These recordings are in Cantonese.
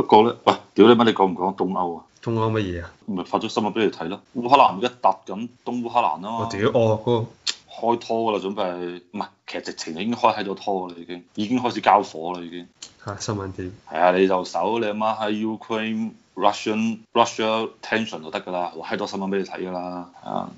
不過咧，喂，屌你媽！你講唔講東歐啊？東歐乜嘢啊？唔咪發咗新聞俾你睇咯。烏克蘭而家突緊東烏克蘭啊嘛。屌、哦，哦，嗰、哦、個開拖啦，準備唔係，其實直情已經開喺咗拖啦，已經已經開始交火啦，已經嚇、啊、新聞點？係啊，你就搜你阿媽喺 Ukraine Russian Russia tension 就得噶啦，我開多新聞俾你睇噶啦，啊。嗯。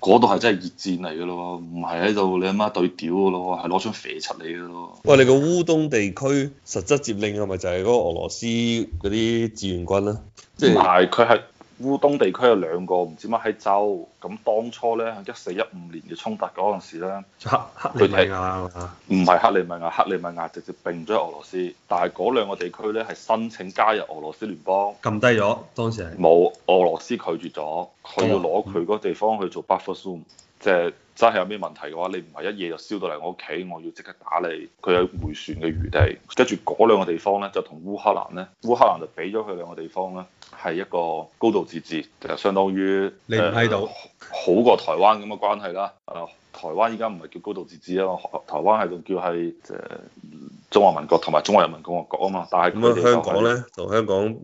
嗰度係真係熱戰嚟噶咯，唔係喺度你阿媽對屌噶咯，係攞槍射柒嚟噶咯。喂，你個烏東地區實質接令係咪就係嗰個俄羅斯嗰啲志願軍咧？即係唔係佢係。烏東地區有兩個唔知乜喺州，咁當初咧一四一五年嘅衝突嗰陣時咧，克克里米亞啊，唔係克里米亞啊們，克里米亞直接並咗喺俄羅斯，但係嗰兩個地區咧係申請加入俄羅斯聯邦，撳低咗當時，冇俄羅斯拒絕咗，佢要攞佢個地方去做 buffer zone 即係真係有咩問題嘅話，你唔係一夜就燒到嚟我屋企，我要即刻打你，佢有回旋嘅餘地，跟住嗰兩個地方咧就同烏克蘭咧，烏克蘭就俾咗佢兩個地方啦。係一個高度自治，就相當於你唔喺度，好過台灣咁嘅關係啦。係、呃、啦，台灣依家唔係叫高度自治啊嘛，台灣係度叫係誒、呃、中華民國同埋中華人民共和國啊嘛。但係咁樣，香港咧，同香港。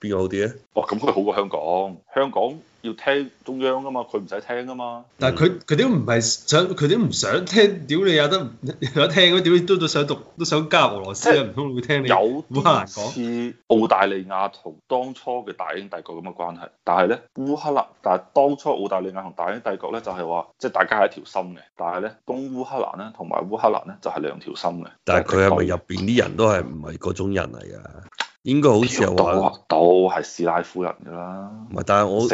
邊個啲咧？哦，咁佢好過香港，香港要聽中央㗎嘛，佢唔使聽㗎嘛。嗯、但係佢佢點都唔係想，佢點唔想聽？屌你都唔想聽嗰，點都都想讀，都想加入俄羅斯啊？唔通是會聽你烏克蘭？有。好似澳大利亞同當初嘅大英帝國咁嘅關係，但係咧烏克蘭，但係當初澳大利亞同大英帝國咧就係話，即、就、係、是、大家係一條心嘅。但係咧，東烏克蘭咧同埋烏克蘭咧就係兩條心嘅。但係佢係咪入邊啲人都係唔係嗰種人嚟㗎？應該好似係個話，到係斯拉夫人噶啦。唔係，但係我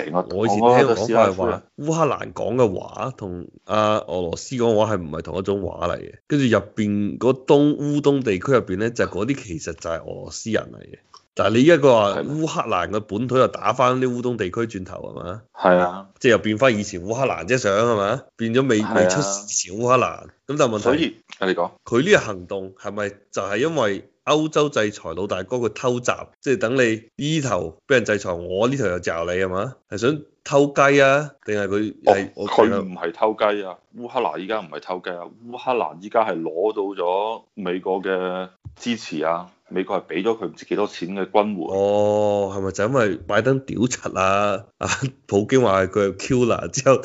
以前我聽過斯拉夫話，烏克蘭講嘅話同阿俄羅斯講嘅話係唔係同一種話嚟嘅。跟住入邊個東烏東地區入邊咧，就嗰、是、啲其實就係俄羅斯人嚟嘅。但係你依家佢話烏克蘭嘅本土又打翻啲烏東地區轉頭係嘛？係啊，即係又變翻以前烏克蘭啫，相，係嘛？變咗未、啊、未出事前烏克蘭。咁但係問題，所以你講佢呢個行動係咪就係因為？歐洲制裁老大哥，佢偷襲，即係等你呢頭俾人制裁，我呢頭又罩你係嘛？係想偷雞啊？定係佢係佢唔係偷雞啊？烏克蘭依家唔係偷雞啊！烏克蘭依家係攞到咗美國嘅支持啊！美國係俾咗佢唔知幾多錢嘅軍援。哦，係咪就因為拜登屌柒啊，啊？普京話佢係 killer 之後，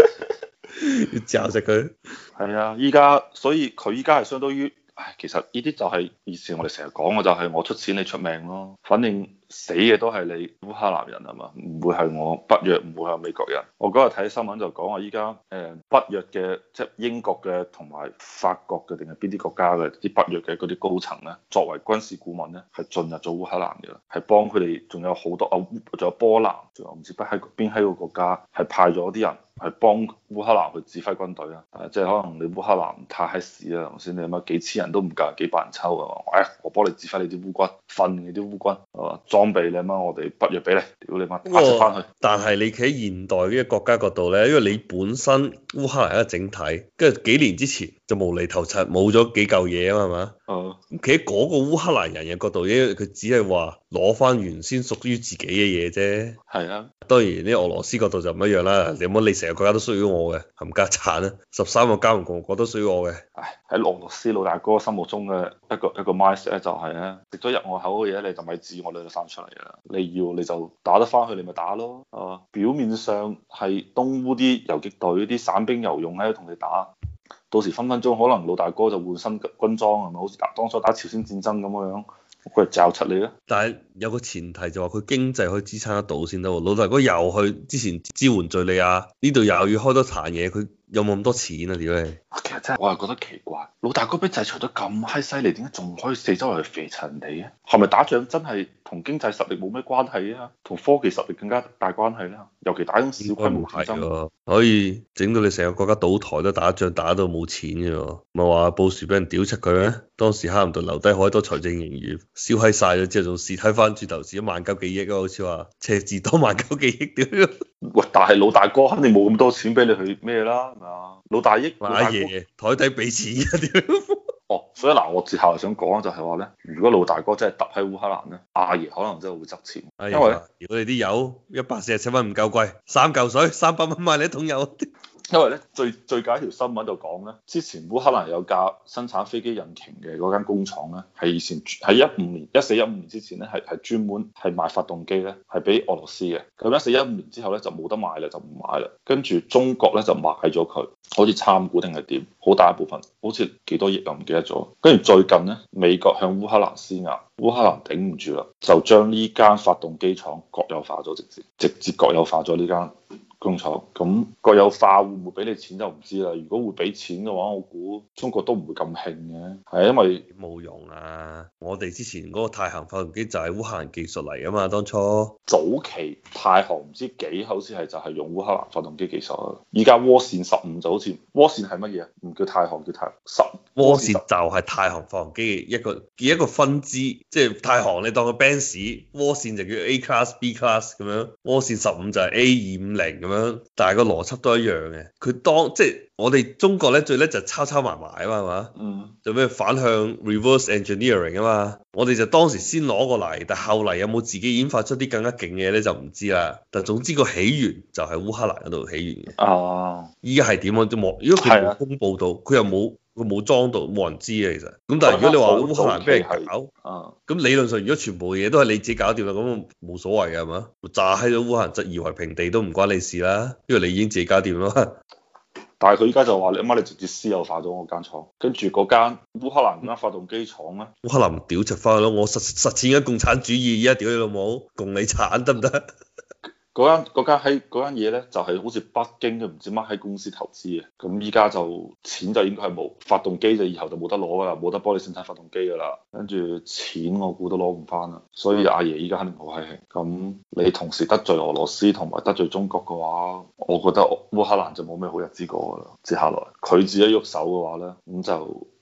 要罩食佢。係啊，依家所以佢依家係相當於。唉，其實呢啲就係以前我哋成日講嘅，就係我出錢你出命咯，反正。死嘅都係你烏克蘭人係嘛，唔會係我北約，唔會係美國人。我嗰日睇新聞就講話依家誒北約嘅，即係英國嘅同埋法國嘅定係邊啲國家嘅啲北約嘅嗰啲高層咧，作為軍事顧問咧，係進入咗烏克蘭嘅啦，係幫佢哋，仲有好多啊，仲有波蘭，仲有唔知北喺邊閪個國家係派咗啲人係幫烏克蘭去指揮軍隊啊，即係可能你烏克蘭太閪屎啊，頭先你有乜幾千人都唔夠，幾百人抽啊、哎，我幫你指揮你啲烏軍訓你啲烏軍啊，裝備你阿媽，我哋不如俾你。屌你媽，立即翻去。但係你企喺現代呢個國家角度咧，因為你本身烏克蘭係一個整體，跟住幾年之前就無厘頭拆，冇咗幾嚿嘢啊嘛。企喺嗰個烏克蘭人嘅角度，因為佢只係話攞翻原先屬於自己嘅嘢啫。係是啊，當然啲俄羅斯角度就唔一樣啦。你冇你成個國家都屬於我嘅，冚家鏟啦！十三個加盟國都屬於我嘅。喺俄羅斯老大哥心目中嘅一個一個 mindset 就係、是、啊，食咗入我口嘅嘢你就咪指我兩隻手出嚟啦。你要你就打得翻去，你咪打咯。啊，表面上係東烏啲遊擊隊、啲散兵游勇喺度同你打。到時分分鐘可能老大哥就換新軍裝係咪？好似打當初打朝鮮戰爭咁樣，佢就走出嚟囉。但係有個前提就話佢經濟可以支撐得到先得。老大哥又去之前支援敍利亞，呢度又要開多壇嘢，佢。有冇咁多錢啊？屌你！其實真係我係覺得奇怪，老大哥俾制裁得咁閪犀利，點解仲可以四周圍肥塵地嘅？係咪打仗真係同經濟實力冇咩關係啊？同科技實力更加大關係啦、啊！尤其打緊小規模戰爭，嗯、可以整到你成個國家倒台都打仗打到冇錢嘅喎。唔係話布殊俾人屌出佢咩？當時哈林頓留低好多財政盈餘，燒閪晒咗之後，仲蝕閪翻轉頭蝕咗萬九幾億啊！好似話赤字多萬九幾億屌、啊。 喂，但係老大哥肯定冇咁多錢俾你去咩啦，係咪啊？老大益，阿爺爺台底俾錢啊屌！ 哦，所以嗱，我接下嚟想講就係話咧，如果老大哥真係揼喺烏克蘭咧，阿爺可能真係會執錢，啊、因為如果你啲油一百四十七蚊唔夠貴，三嚿水三百蚊買你一桶油。 因為咧最最近一條新聞就講咧，之前烏克蘭有架生產飛機引擎嘅嗰間工廠咧，係以前喺一五年一四一五年之前咧，係係專門係賣發動機咧，係俾俄羅斯嘅。咁一四一五年之後咧就冇得賣啦，就唔買啦。跟住中國咧就買咗佢，好似參股定係點，好大一部分，好似幾多億又唔記得咗。跟住最近咧，美國向烏克蘭施壓，烏克蘭頂唔住啦，就將呢間發動機廠國有化咗，直接直接國有化咗呢間。工廠咁國有化會唔會俾你錢就唔知啦。如果會俾錢嘅話，我估中國都唔會咁興嘅。係因為冇用啦、啊。我哋之前嗰個太行發動機就係烏克蘭技術嚟噶嘛，當初早期太行唔知幾，好似係就係用烏克蘭發動機技術。而家渦扇十五就好似渦扇係乜嘢啊？唔叫太行，叫太十渦扇就係太行發動機一個嘅一個分支，即係太行你當個 Benz，渦扇就叫 A class、B class 咁樣，渦扇十五就係 A 二五零咁咁，但係個邏輯都一樣嘅。佢當即係我哋中國咧，最叻就抄抄埋埋啊嘛，係嘛？嗯做。做咩反向 reverse engineering 啊嘛？我哋就當時先攞過嚟，但後嚟有冇自己研發出啲更加勁嘅嘢咧，就唔知啦。但總之個起源就喺烏克蘭嗰度起源嘅。哦、啊。依家係點樣啊？都冇，如果佢冇公布到，佢的又冇。佢冇裝到，冇人知啊！其實咁，但係如果你話烏克蘭俾人搞，咁、uh, 理論上如果全部嘢都係你自己搞掂啦，咁冇所謂嘅係嘛？炸喺咗烏克蘭，窒夷為平地都唔關你事啦，因為你已經自己搞掂啦。但係佢依家就話，你阿媽你直接私有化咗我間廠，跟住嗰間烏克蘭嗰間發動機廠咧，烏克蘭屌柒翻啦！我實實踐緊共產主義，依家屌你老母，共你產得唔得？行嗰間喺嗰間嘢咧，就係好似北京佢唔知乜喺公司投資嘅，咁依家就錢就應該係冇發動機就以後就冇得攞㗎啦，冇得幫你生產發動機㗎啦，跟住錢我估都攞唔翻啦，所以阿爺依家肯定好氣憤。咁你同時得罪俄羅斯同埋得罪中國嘅話，我覺得烏克蘭就冇咩好日子過啦。接下來佢自己喐手嘅話咧，咁就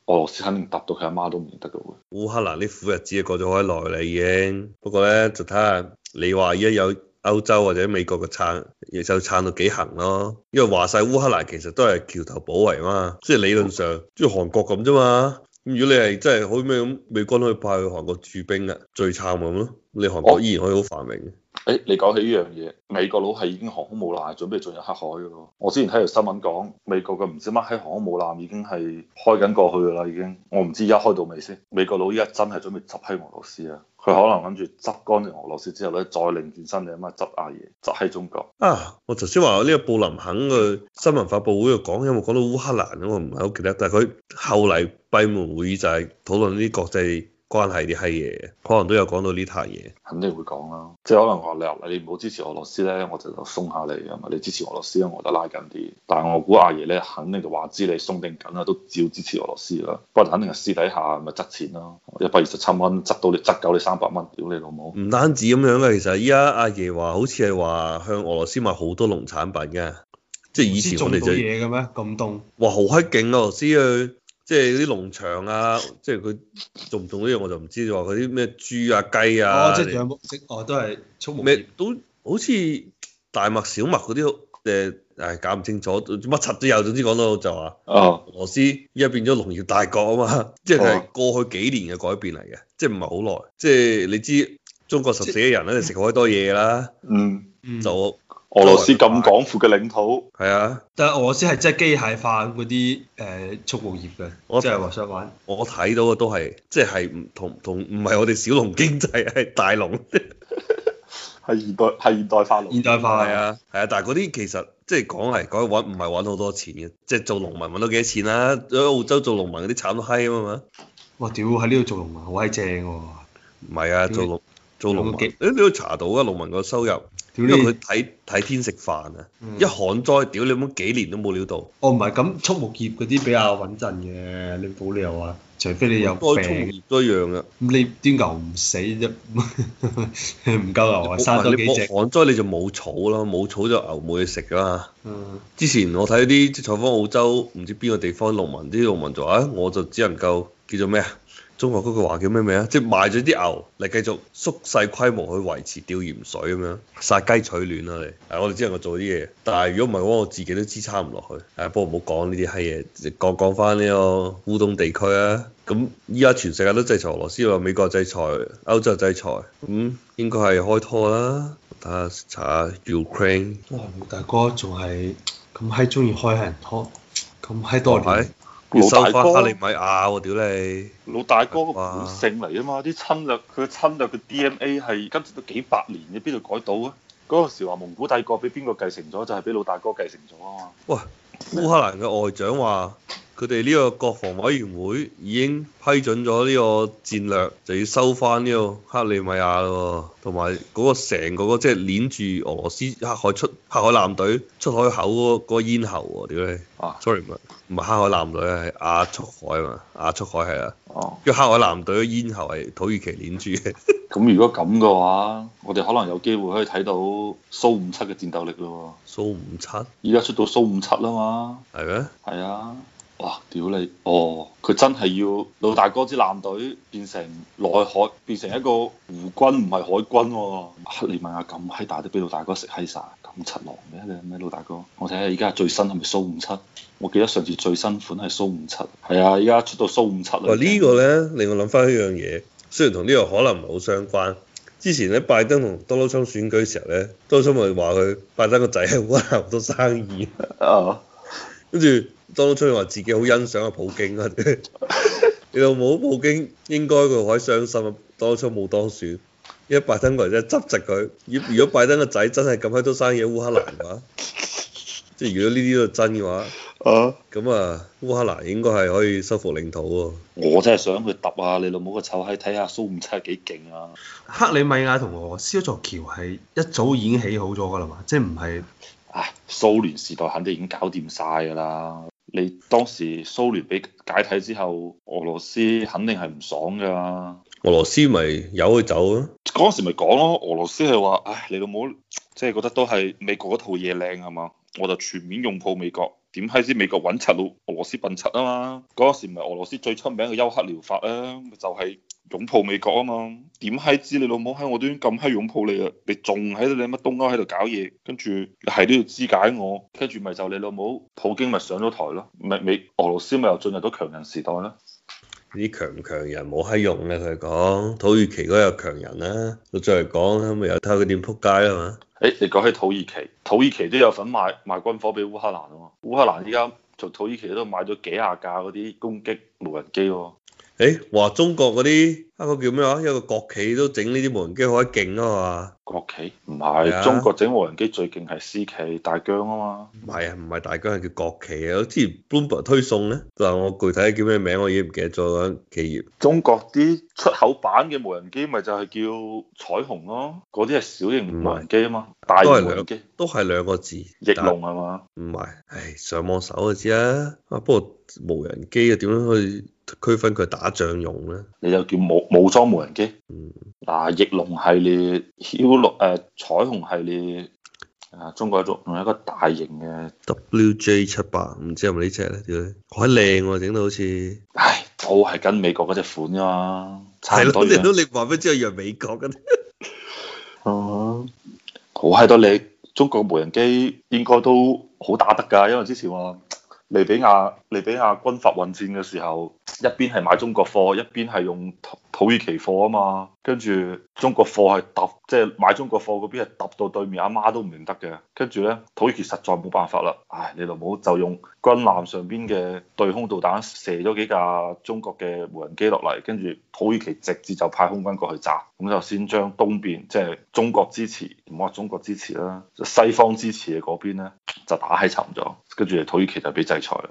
俄羅斯肯定揼到佢阿媽都唔認得㗎喎。烏克蘭呢苦日子過咗好耐啦已經，不過咧就睇下你話依家有。歐洲或者美國嘅撐，亦就撐到幾行咯。因為話晒烏克蘭其實都係橋頭堡嚟嘛，即係理論上，即係韓國咁啫嘛。咁如果你係真係好咩咁，美國可以派去韓國駐兵嘅，最慘咁咯。你韓國依然可以好繁榮。誒、哎，你講起呢樣嘢，美國佬係已經航空母艦準備進入黑海㗎喇。我之前睇條新聞講，美國嘅唔知乜喺航空母艦已經係開緊過去㗎啦，已經。我唔知而家開到未先。美國佬依家真係準備執喺俄羅斯啊！佢可能諗住執乾俄羅斯之後咧，再擰轉身嚟啊嘛，執啊嘢，執喺中國。啊！我頭先話呢個布林肯嘅新聞發佈會有講有冇講到烏克蘭咧？我唔係好記得，但係佢後嚟閉門會議就係討論啲國際。關係啲閪嘢，可能都有講到呢攤嘢，肯定會講啦啊。即係可能話你唔好支持俄羅斯咧，我就就鬆下你啊嘛。你支持俄羅斯，我都拉緊啲。但係我估阿爺咧，肯定就話知你鬆定緊啦，都照支持俄羅斯啦。不過肯定係私底下咪執錢咯，一百二十七蚊執到你執夠你三百蚊，屌你老母！唔單止咁樣嘅，其實依家阿爺話好似係話向俄羅斯買好多農產品嘅，即係以前我哋就嘢嘅咩咁凍，好哇好閪勁俄羅斯啊！即係啲農場啊，即係佢做唔做呢樣我就唔知。話佢啲咩豬啊雞啊，哦即係你哦都係咩都好似大麥、小麥嗰啲，誒誒搞唔清楚，乜柒都有。總之講到就話，哦，俄羅斯依家變咗農業大國啊嘛，哦、即係過去幾年嘅改變嚟嘅，即係唔係好耐。即係你知中國十四億人咧食開多嘢啦嗯，嗯，就、嗯。俄羅斯咁廣闊嘅領土，係啊，但係俄羅斯係真係機械化嗰啲誒畜牧業嘅。我即係話想玩，我睇到嘅都係即係唔同同唔係我哋小農經濟，係大農，係現代係現代化現代化係啊係啊。但係嗰啲其實即係講嚟講去，搵唔係搵好多錢嘅，即係做農民搵到幾多錢啦，啊？澳洲做農民嗰啲慘到閪啊嘛！哇屌，喺呢度做農民好閪正喎！唔係啊，啊做農做農民，誒、欸，你都查到啊？農民個收入？因為佢睇睇天食飯啊，嗯、一旱災，屌你冇幾年都冇料到。哦，唔係咁畜牧業嗰啲比較穩陣嘅，你冇理由話，除非你有病。多畜牧都一樣啊！咁你啲牛唔死啫，唔 夠牛啊，生多幾隻。旱災你就冇草啦，冇草就牛冇嘢食㗎嘛。嗯、之前我睇啲即採訪澳洲，唔知邊個地方農民啲農民就話、啊，我就只能夠叫做咩啊？中國嗰句話叫咩名啊？即係賣咗啲牛嚟繼續縮細規模去維持吊鹽水咁樣，殺雞取卵啊你！你啊，我哋只能夠做啲嘢，但係如果唔係我，自己都支撐唔落去。誒、啊，不過唔好講呢啲閪嘢，講講翻呢個烏東地區啊。咁依家全世界都制裁俄羅斯啊，美國制裁、歐洲制裁，咁、嗯、應該係開拖啦。睇下查下 Ukraine、嗯。都大哥仲係咁閪中意開閪人拖，咁閪多年。啊老大哥你唔係咬我屌你！老大哥個本性嚟啊嘛，啲侵略佢嘅侵略佢 DNA 係跟住都幾百年，你邊度改到啊？嗰陣時話蒙古帝國俾邊個繼承咗，就係、是、俾老大哥繼承咗啊嘛。喂，烏克蘭嘅外長話。佢哋呢個國防委員會已經批准咗呢個戰略，就要收翻呢個克里米亞咯，同埋嗰個成個個即係捏住俄羅斯黑海出黑海艦隊出海口嗰個咽喉喎。屌你！啊，sorry 唔係唔係，黑海艦隊係阿速海啊嘛，阿速海係啊。哦、啊。即係黑海艦隊嘅咽喉係土耳其捏住嘅。咁 如果咁嘅話，我哋可能有機會可以睇到蘇五七嘅戰鬥力咯。蘇五七？而家出到蘇五七啊嘛。係咩嗎？係啊。哇！屌你，哦，佢真係要老大哥支艦隊變成內海，變成一個胡軍唔係海軍喎、啊啊。你問下咁閪大啲俾老大哥食閪晒，咁七狼嘅你咩老大哥？我睇下而家最新係咪蘇五七？我記得上次最新款係蘇五七，係啊，依家出到蘇五七喂，這個、呢個咧令我諗翻一樣嘢，雖然同呢個可能唔係好相關。之前咧拜登同多 o n a l d t 選舉時候咧多 o n 咪話佢拜登個仔喺烏克好多生意。哦。 啊跟住當初話自己好欣賞啊普京啊， 你老母普京應該佢可以傷心，當初冇當選。因為拜登個人真係執直佢。如如果拜登個仔真係咁喺多生意喺烏克蘭嘅話， 即係如果呢啲都真嘅話，咁啊，啊烏克蘭應該係可以收復領土喎。我真係想去揼下你老母個臭閪，睇下蘇五七幾勁啊！克里米亞同俄羅斯座橋係一早已經起好咗㗎啦嘛，即係唔係？唉、啊，蘇聯時代肯定已經搞掂晒㗎啦。你當時蘇聯俾解體之後，俄羅斯肯定係唔爽㗎、啦。俄羅斯咪有佢走咯。嗰陣時咪講咯，俄羅斯係話：唉，你老母即係覺得都係美國嗰套嘢靚啊嘛，我就全面擁抱美國。點閪先美國揾柒佬，俄羅斯笨柒啊嘛。嗰陣時唔係俄羅斯最出名嘅休克療法咧、啊，就係、是。擁抱美國啊嘛，點閪知你老母喺我都咁閪擁抱你啊！你仲喺度，你乜東歐喺度搞嘢，跟住你喺都要肢解我，跟住咪就你老母普京咪上咗台咯，咪美俄羅斯咪又進入咗強人時代啦。啲強唔強人冇閪用嘅佢講，土耳其嗰又強人啦、啊，再嚟講咁咪又睇佢點仆街啦嘛。誒、欸，你講起土耳其，土耳其都有份賣賣軍火俾烏克蘭啊嘛，烏克蘭依家就土耳其都買咗幾下架嗰啲攻擊無人機、啊。誒，話、哎、中國嗰啲一個叫咩話，一個國企都整呢啲無人機好勁啊嘛。國企？唔係，啊、中國整無人機最勁係私企大疆啊嘛。唔係啊，唔係大疆係叫國企啊。我之前 Bloomberg 推送咧，嗱我具體叫咩名我已唔記得咗嗰間企業。中國啲出口版嘅無人機咪就係、是、叫彩虹咯、啊，嗰啲係小型無人機啊嘛。是大機都係兩都係兩個字，翼龍係嘛？唔係是吧，唉，上網搜就知啊。不過無人機啊，點樣去？區分佢打仗用咧，你就叫武武裝無人機。嗯，嗱、啊，翼龍系列、梟六誒、彩虹系列，啊，中國仲仲有一個大型嘅 WJ 七百，唔知係咪呢隻咧？點、這、咧、個？靚啊，好靚喎，整到好似，唉，都係跟美國嗰隻款噶嘛，係咯，你、啊、都你話乜之係約美國噶哦，好喺多你，中國嘅無人機應該都好打得噶，因為之前話。利比亞利比亞軍閥混戰嘅時候，一邊係買中國貨，一邊係用土，土耳其貨啊嘛。跟住中國貨係揼，即係買中國貨嗰邊係揼到對面阿媽，媽都唔認得嘅。跟住呢，土耳其實在冇辦法啦，唉，你老母就用軍艦上邊嘅對空導彈射咗幾架中國嘅無人機落嚟，跟住土耳其直接就派空軍過去炸，咁就先將東邊即係中國支持，唔好話中國支持啦，西方支持嘅嗰邊呢就打喺沉咗。跟住土耳其就俾制裁啦。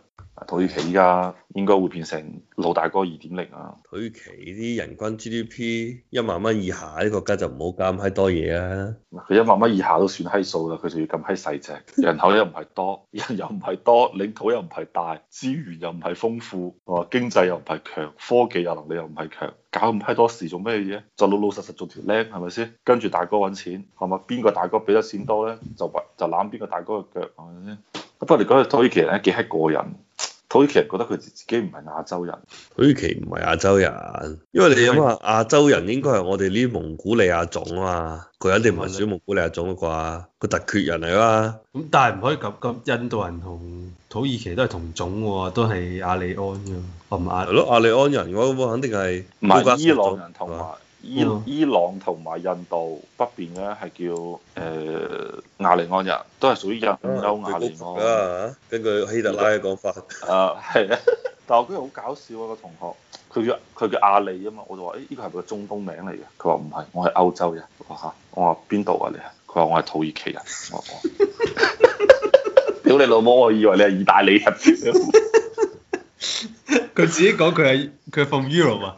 土耳其依家應該會變成老大哥二點零啊。土耳其啲人均 G D P 一萬蚊以下啲國家就唔好搞咁閪多嘢啊。佢一萬蚊以下都算閪數啦，佢就要咁閪細隻。人口又唔係多，人又唔係多，領土又唔係大，資源又唔係豐富，經濟又唔係強，科技又能力又唔係強，搞咁閪多事做咩嘢？就老老實實做條靚係咪先？跟住大哥揾錢係咪？邊個大哥俾得錢多呢？就揾就攬邊個大哥嘅腳係咪先？是不過你講，土耳其人咧幾係個人，土耳其人覺得佢自己唔係亞洲人，土耳其唔係亞洲人，因為你諗下亞洲人應該係我哋呢啲蒙古利亞種啊嘛，佢肯定唔係小蒙古利亞種啩，佢突厥人嚟、啊、啦。咁但係唔可以咁咁，印度人同土耳其都係同種喎、啊，都係亞利安噶，唔係咯亞利安人我、啊啊、肯定係唔係伊朗人同埋。嗯、伊朗同埋印度北邊咧係叫誒亞、呃、利安人，都係屬於印歐亞、嗯、利人，根據希特拉嘅講法。啊、嗯，係啊！但我覺得好搞笑啊個同學，佢叫佢叫阿里啊嘛，我就話，誒、欸，依個係佢嘅中東名嚟嘅？佢話唔係，我係歐洲人。嚇、啊！我話邊度啊你啊？佢話我係土耳其人。我屌你老母！我以為你係意大利人。佢 自己講佢係佢係 from Europe 啊！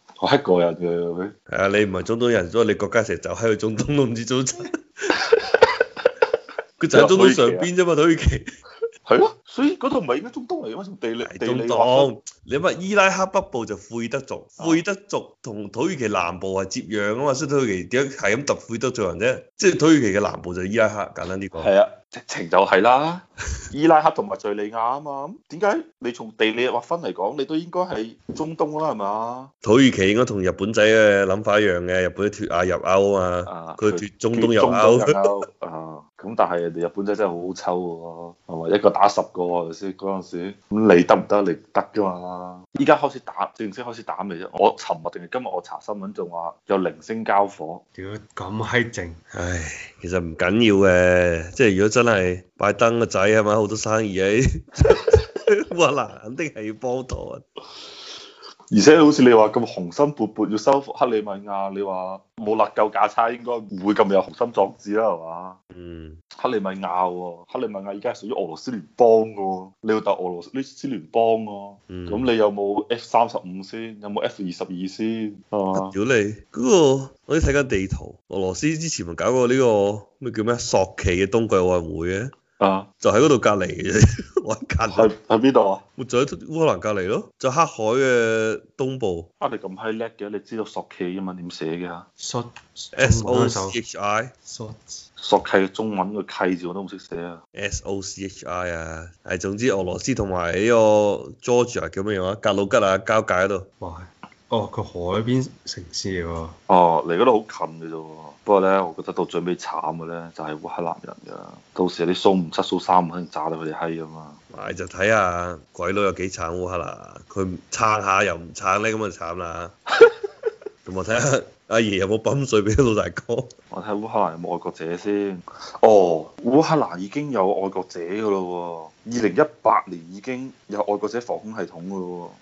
我一個人嘅，係啊，你唔係中東人，所以你國家成日就喺個中東都唔知做乜，佢 就係中東上邊啫嘛，土耳其係、啊、咯， 所以嗰度唔係應該中東嚟嘅咩？從地理，地理中東，嗯、你話伊拉克北部就庫爾德族，庫爾德族同土耳其南部係接壤啊嘛，所以土耳其點解係咁揼庫爾德族人啫？即、就、係、是、土耳其嘅南部就伊拉克，簡單啲講。係啊。直情就係啦，伊拉克同埋敘利亞啊嘛，咁點解你從地理劃分嚟講，你都應該係中東啦，係嘛？土耳其應該同日本仔嘅諗法一樣嘅，日本脱亞入歐啊嘛，佢脱中東入歐。咁但係人哋日本仔真係好好抽喎，係咪一個打十個係咪先？嗰陣時咁你得唔得？你得㗎嘛？依家開始打，正式開始打未啫？我尋日定係今日我查新聞仲話有零星交火。屌咁閪靜。唉，其實唔緊要嘅，即係如果真係拜登個仔係咪好多生意？ 哇嗱，肯定係要幫陀。而且好似你話咁雄心勃勃要收復克里米亞，你話冇勒夠架差，應該唔會咁有雄心壯志啦，係嘛？嗯，克里米亞、啊，克里米亞而家係屬於俄羅斯聯邦噶、啊，你要搭俄羅斯俄羅斯聯邦噶、啊，咁、嗯、你有冇 F 三十五先？有冇 F 二十二先？啊，屌你！嗰、那個我啲睇緊地圖，俄羅斯之前咪搞過呢、這個咩叫咩索契嘅冬季奧運會嘅？ 離的 啊！就喺嗰度隔籬，我隔籬喺喺邊度啊？咪就喺烏克蘭隔籬咯，就黑海嘅東部。哈！你咁閪叻嘅，你知道索契啊嘛？點寫嘅？索 S O C H I 索索契嘅中文個索契字我都唔識寫啊。S O C H I 啊！係總之俄羅斯同埋呢個 Georgia 叫咩樣啊？格魯吉亞交界嗰度。哇哦，佢海邊城市嚟喎、啊。哦、啊，離嗰度好近嘅啫。不過咧，我覺得到最尾慘嘅咧，就係、是、烏克蘭人噶。到時你掃唔七掃三，肯定炸到佢哋閪啊嘛。咪、啊、就睇下鬼佬有幾慘烏克蘭。佢撐下又唔撐呢，咁就慘啦。同我睇下阿爺有冇泵水俾老大哥。我睇下烏克蘭有冇愛國者先。哦，烏克蘭已經有愛國者噶咯。二零一八年已經有愛國者防空系統噶咯。